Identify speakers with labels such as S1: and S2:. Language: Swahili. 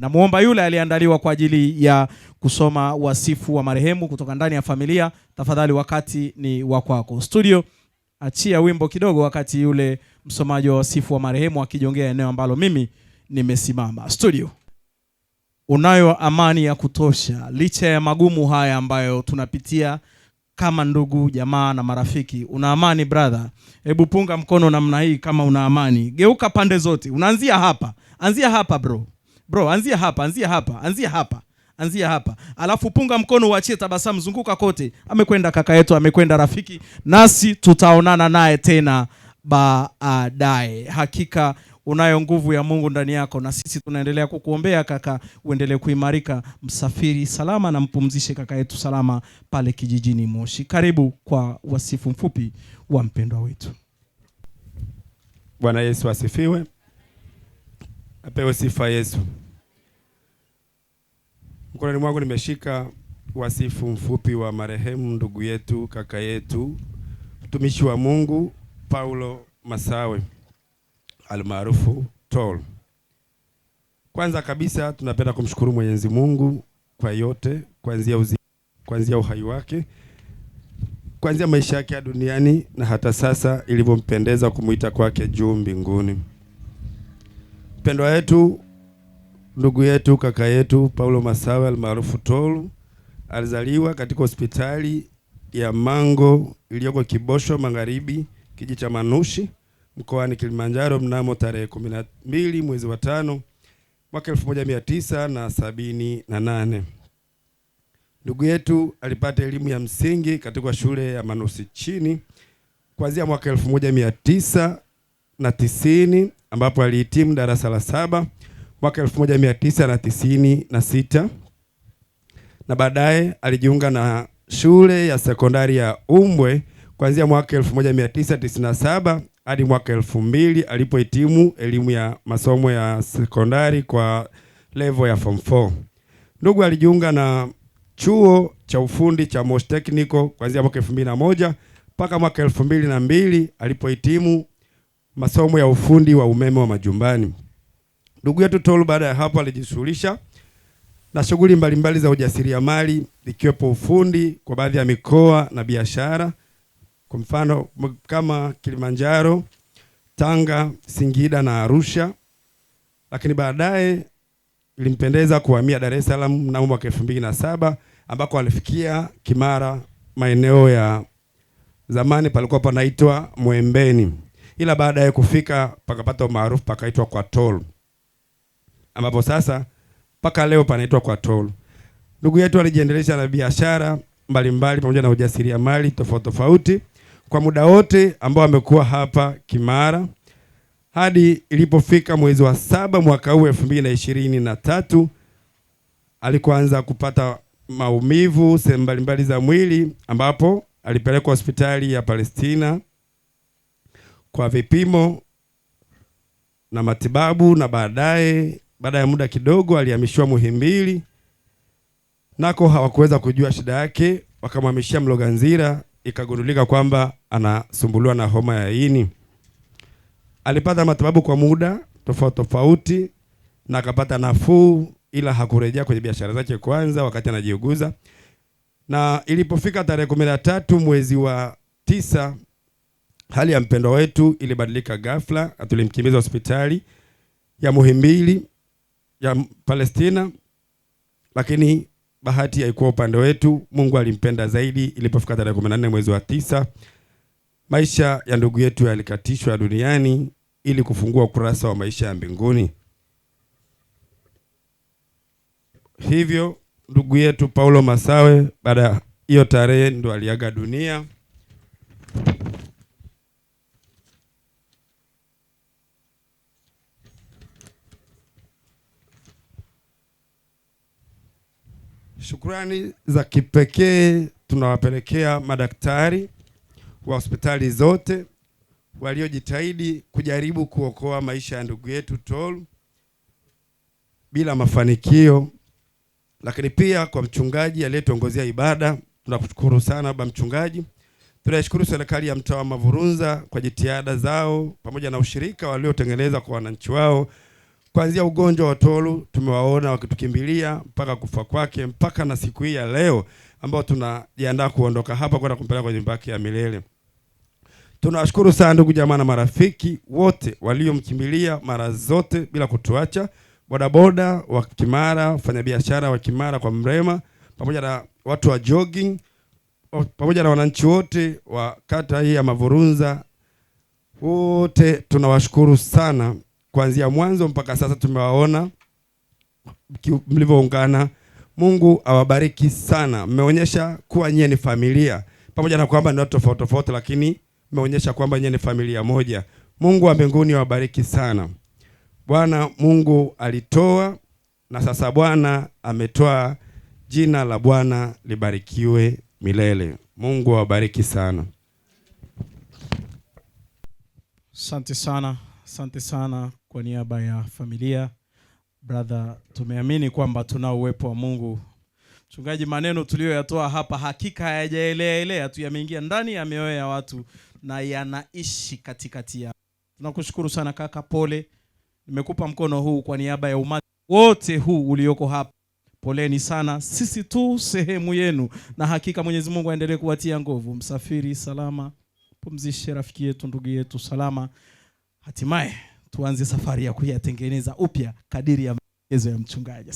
S1: Namwomba yule aliyeandaliwa kwa ajili ya kusoma wasifu wa marehemu kutoka ndani ya familia, tafadhali, wakati ni wa kwako. Studio, achia wimbo kidogo, wakati yule msomaji wa wasifu wa marehemu akijongea eneo ambalo mimi nimesimama. Studio, unayo amani ya kutosha licha ya magumu haya ambayo tunapitia kama ndugu jamaa na marafiki, una amani brother? Hebu punga mkono namna hii kama una amani, geuka pande zote. Unaanzia hapa, anzia hapa bro bro, anzia hapa, anzia hapa, anzia hapa, anzia hapa, alafu punga mkono, uachie tabasamu, zunguka kote. Amekwenda kaka yetu, amekwenda rafiki, nasi tutaonana naye tena baadaye. Hakika unayo nguvu ya Mungu ndani yako, na sisi tunaendelea kukuombea kaka, uendelee kuimarika, msafiri salama, na mpumzishe kaka yetu salama pale kijijini Moshi. Karibu kwa wasifu mfupi wa mpendwa wetu.
S2: Bwana Yesu asifiwe, apewe sifa Yesu. Mkononi mwangu nimeshika wasifu mfupi wa marehemu ndugu yetu kaka yetu mtumishi wa Mungu Paulo Masawe almaarufu Tol. Kwanza kabisa tunapenda kumshukuru Mwenyezi Mungu kwa yote, kuanzia uzi, kuanzia uhai wake, kuanzia maisha yake ya duniani na hata sasa ilivyompendeza kumwita kwake juu mbinguni. Mpendwa yetu Ndugu yetu kaka yetu Paulo Masawe almaarufu Tolu alizaliwa katika hospitali ya Mango iliyoko Kibosho Magharibi, kijiji cha Manushi mkoani Kilimanjaro mnamo tarehe 12 mwezi wa tano mwaka na na sabini nane Ndugu yetu alipata elimu ya msingi katika shule ya Manusi chini kuanzia mwaka 1990 ambapo alihitimu darasa la saba mwaka 1996 na baadaye alijiunga na shule ya sekondari ya Umbwe kuanzia mwaka 1997 hadi mwaka 2000 alipohitimu elimu ya masomo ya sekondari kwa level ya form 4. Ndugu alijiunga na chuo cha ufundi cha Mosh Technical kuanzia mwaka 2001 mpaka mwaka 2002 alipohitimu masomo ya ufundi wa umeme wa majumbani. Ndugu yetu Tolu baada ya hapo alijishughulisha na shughuli mbalimbali za ujasiriamali ikiwepo ufundi kwa baadhi ya mikoa na biashara, kwa mfano kama Kilimanjaro, Tanga, Singida na Arusha, lakini baadaye ilimpendeza kuhamia Dar es Salaam mnamo mwaka elfu mbili na saba ambako alifikia Kimara, maeneo ya zamani palikuwa panaitwa Mwembeni, ila baadaye kufika pakapata umaarufu pakaitwa kwa Tolu ambapo sasa mpaka leo panaitwa kwa tolu. Ndugu yetu alijiendelesha na biashara mbalimbali pamoja na ujasiriamali tofauti tofauti kwa muda wote ambao amekuwa hapa Kimara hadi ilipofika mwezi wa saba mwaka huu elfu mbili na ishirini na tatu alikuanza kupata maumivu sehemu mbalimbali za mwili ambapo alipelekwa hospitali ya Palestina kwa vipimo na matibabu na baadaye baada ya muda kidogo alihamishiwa Muhimbili, nako hawakuweza kujua shida yake, wakamhamishia nzira ikagundulika kwamba anasumbuliwa na homa ya ini. Alipata matibabu kwa muda tofauti tofauti na akapata nafuu, ila hakurejea kwenye biashara zake kwanza wakati anajiuguza, na ilipofika tarehe kumi na tatu mwezi wa tisa hali ya mpendwa wetu ilibadilika ghafla, tulimkimbiza hospitali ya Muhimbili ya Palestina, lakini bahati haikuwa upande wetu. Mungu alimpenda zaidi. Ilipofika tarehe 14 mwezi wa tisa, maisha ya ndugu yetu yalikatishwa duniani ili kufungua ukurasa wa maisha ya mbinguni. Hivyo ndugu yetu Paulo Masawe baada ya hiyo tarehe ndo aliaga dunia. Shukrani za kipekee tunawapelekea madaktari wa hospitali zote waliojitahidi kujaribu kuokoa maisha ya ndugu yetu Tolu bila mafanikio, lakini pia kwa mchungaji aliyetuongozia ibada, tunakushukuru sana baba mchungaji. Tunashukuru serikali ya mtaa wa Mavurunza kwa jitihada zao pamoja na ushirika waliotengeneza kwa wananchi wao. Kuanzia ugonjwa wa tolu tumewaona wakitukimbilia mpaka kufa kwake, mpaka na siku hii ya leo ambao tunajiandaa kuondoka hapa kwenda kumpeleka kwenye mbaki ya milele. Tunawashukuru sana ndugu jamaa na marafiki wote waliomkimbilia mara zote bila kutuacha, bodaboda wa Kimara, wafanyabiashara wa Kimara kwa Mrema, pamoja na watu wa jogging, pamoja na wananchi wote wa kata hii ya Mavurunza, wote tunawashukuru sana kuanzia mwanzo mpaka sasa tumewaona mlivyoungana. Mungu awabariki sana, mmeonyesha kuwa nyie ni familia, pamoja na kwamba ni watu tofauti tofauti, lakini mmeonyesha kwamba nyie ni familia moja. Mungu wa mbinguni awabariki sana. Bwana Mungu alitoa na sasa Bwana ametoa. Jina la Bwana libarikiwe milele. Mungu awabariki sana.
S1: Asante sana, asante sana kwa niaba ya familia bradha tumeamini kwamba tunao uwepo wa Mungu. Mchungaji, maneno tuliyoyatoa hapa hakika hayajaeleaelea tu, yameingia ndani ya mioyo ya watu na yanaishi katikati ya Tunakushukuru sana kaka, pole. Nimekupa mkono huu kwa niaba ya umati wote huu ulioko hapa, poleni sana. Sisi tu sehemu yenu, na hakika Mwenyezi Mungu aendelee kuwatia nguvu. Msafiri salama, pumzishe rafiki yetu, ndugu yetu salama, hatimaye tuanze safari ya kuyatengeneza upya kadiri ya maelezo ya mchungaji.